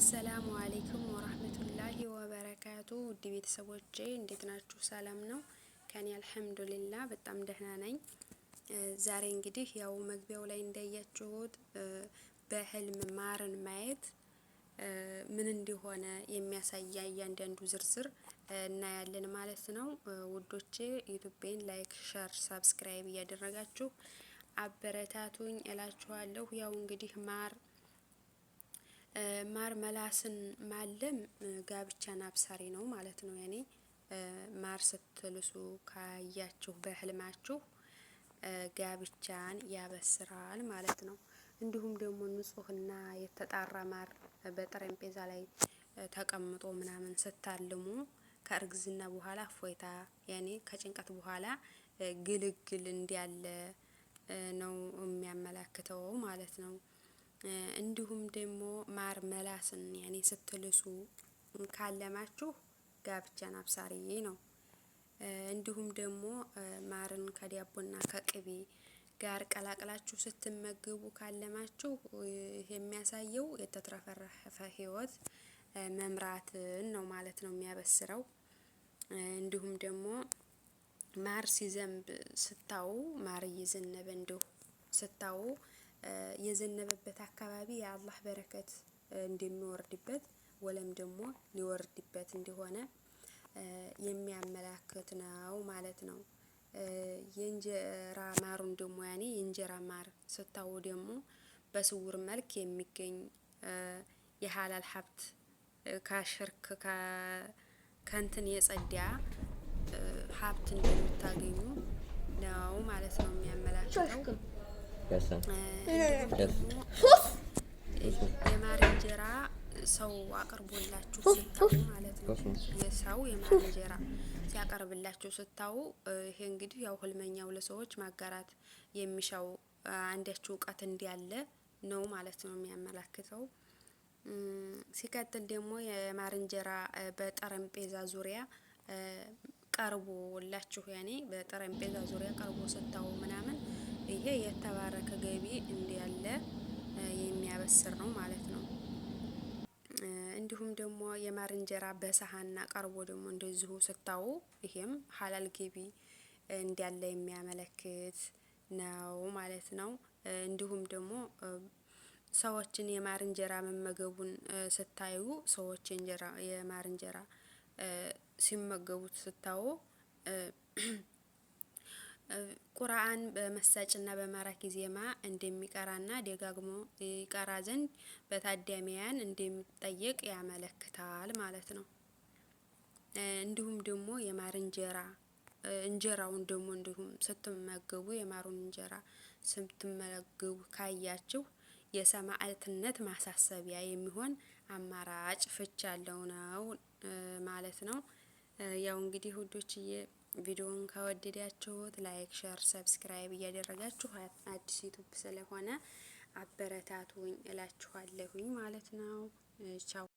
አሰላሙ አሌይኩም ወራህመቱላሂ ወበረካቱ። ውድ ቤተሰቦቼ እንዴት ናችሁ? ሰላም ነው ከኔ አልሐምዱሊላ በጣም ደህና ነኝ። ዛሬ እንግዲህ ያው መግቢያው ላይ እንዳያችሁት በህልም ማርን ማየት ምን እንደሆነ የሚያሳያ እያንዳንዱ ዝርዝር እናያለን ማለት ነው። ውዶቼ ዩቱቤን ላይክ፣ ሸር፣ ሳብስክራይብ እያደረጋችሁ አበረታቱኝ እላችኋለሁ። ያው እንግዲህ ማር ማር መላስን ማለም ጋብቻን አብሳሪ ነው ማለት ነው። ያኔ ማር ስትልሱ ካያችሁ በህልማችሁ ጋብቻን ያበስራል ማለት ነው። እንዲሁም ደግሞ ንጹህና የተጣራ ማር በጠረጴዛ ላይ ተቀምጦ ምናምን ስታልሙ ከእርግዝና በኋላ ፎይታ ያኔ ከጭንቀት በኋላ ግልግል እንዳለ ነው የሚያመላክተው ማለት ነው። እንዲሁም ደግሞ መላስን ያኔ ስትልሱ ካለማችሁ ጋብቻን አብሳሪዬ ነው። እንዲሁም ደግሞ ማርን ከዳቦና ከቅቤ ጋር ቀላቅላችሁ ስትመገቡ ካለማችሁ የሚያሳየው የተትረፈረፈ ህይወት መምራትን ነው ማለት ነው የሚያበስረው። እንዲሁም ደግሞ ማር ሲዘንብ ስታዩ ማር እየዘነበ እንዲሁ ስታዩ የዘነበበት አካባቢ የአላህ በረከት እንደሚወርድበት ወለም ደግሞ ሊወርድበት እንደሆነ የሚያመላክት ነው ማለት ነው። የእንጀራ ማሩን ደግሞ ያኔ የእንጀራ ማር ስታዩ ደግሞ በስውር መልክ የሚገኝ የሀላል ሀብት ከሽርክ ከእንትን የጸዳ ሀብት እንደምታገኙ ነው ማለት ነው የሚያመላክተው። የማር እንጀራ ሰው አቅርቦላችሁ ስታው ማለት ነው። የሰው የማር እንጀራ ሲያቀርብላችሁ ስታዩ ይሄ እንግዲህ ያው ህልመኛው ለሰዎች ማጋራት የሚሻው አንዳችሁ እውቀት እንዲያለ ነው ማለት ነው የሚያመላክተው። ሲቀጥል ደግሞ የማር እንጀራ በጠረጴዛ ዙሪያ ቀርቦላችሁ ያኔ በጠረጴዛ ዙሪያ ቀርቦ ስታው ምናምን ይሄ የተባረከ ገቢ እንዳለ የሚያበስር ነው ማለት ነው። እንዲሁም ደግሞ የማር እንጀራ በሰሃና ቀርቦ ደግሞ እንደዚሁ ስታው ይሄም ሀላል ገቢ እንዳለ የሚያመለክት ነው ማለት ነው። እንዲሁም ደግሞ ሰዎችን የማር እንጀራ መመገቡን ስታዩ ሰዎች የማር እንጀራ ሲመገቡት ስታዩ ቁርአን በመሳጭና በማራኪ ዜማ እንደሚቀራና ደጋግሞ ይቀራ ዘንድ በታዳሚያን እንደሚጠየቅ ያመለክታል ማለት ነው። እንዲሁም ደግሞ የማር እንጀራ እንጀራውን ደግሞ እንዲሁም ስትመገቡ የማሩን እንጀራ ስትመገቡ ካያችሁ የሰማዕትነት ማሳሰቢያ የሚሆን አማራጭ ፍች ያለው ነው ማለት ነው። ያው እንግዲህ ውዶችዬ ቪዲዮውን ከወደዳችሁት ላይክ፣ ሸር፣ ሰብስክራይብ እያደረጋችሁ አዲስ ዩቱብ ስለሆነ አበረታቱኝ እላችኋለሁኝ ማለት ነው። ቻው